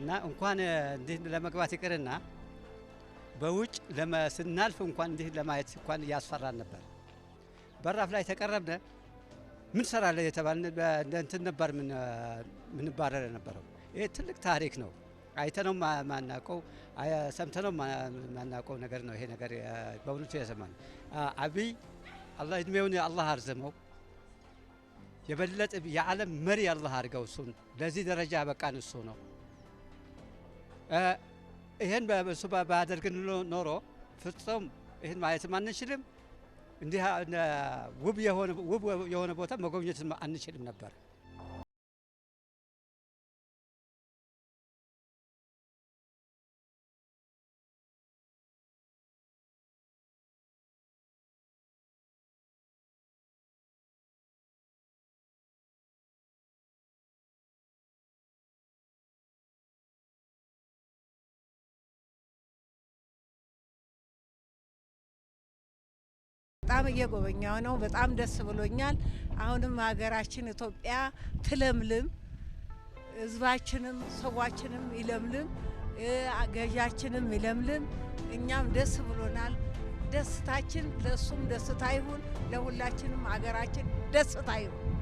እና እንኳን እንዲህ ለመግባት ይቅርና በውጭ ስናልፍ እንኳን እንዲህ ለማየት እንኳን እያስፈራን ነበር። በራፍ ላይ ተቀረብነ ምን ሰራለ የተባልን እንትን ነበር ምንባረር ነበረው። ይህ ትልቅ ታሪክ ነው። አይተነው ማናቀው ሰምተነው ማናቀው ነገር ነው። ይሄ ነገር በእውነቱ የሰማን አብይ አላህ እድሜውን አላህ አርዝመው የበለጠ የዓለም መሪ አላህ አድርገው እሱን ለዚህ ደረጃ በቃን እሱ ነው። ይህን በሱ ባደርግ ኖሮ ፍጹም ይህን ማየትም አንችልም። እንዲህ ውብ የሆነ ቦታ መጎብኘትም አንችልም ነበር። በጣም እየጎበኛው ነው። በጣም ደስ ብሎኛል። አሁንም ሀገራችን ኢትዮጵያ ትለምልም፣ ህዝባችንም ሰዋችንም ይለምልም፣ ገዣችንም ይለምልም። እኛም ደስ ብሎናል። ደስታችን ለእሱም ደስታ ይሁን፣ ለሁላችንም ሀገራችን ደስታ ይሁን።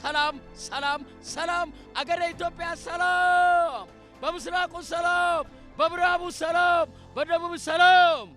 ሰላም ሰላም ሰላም፣ አገረ ኢትዮጵያ ሰላም፣ በምስራቁ ሰላም፣ በምዕራቡ ሰላም፣ በደቡብ ሰላም።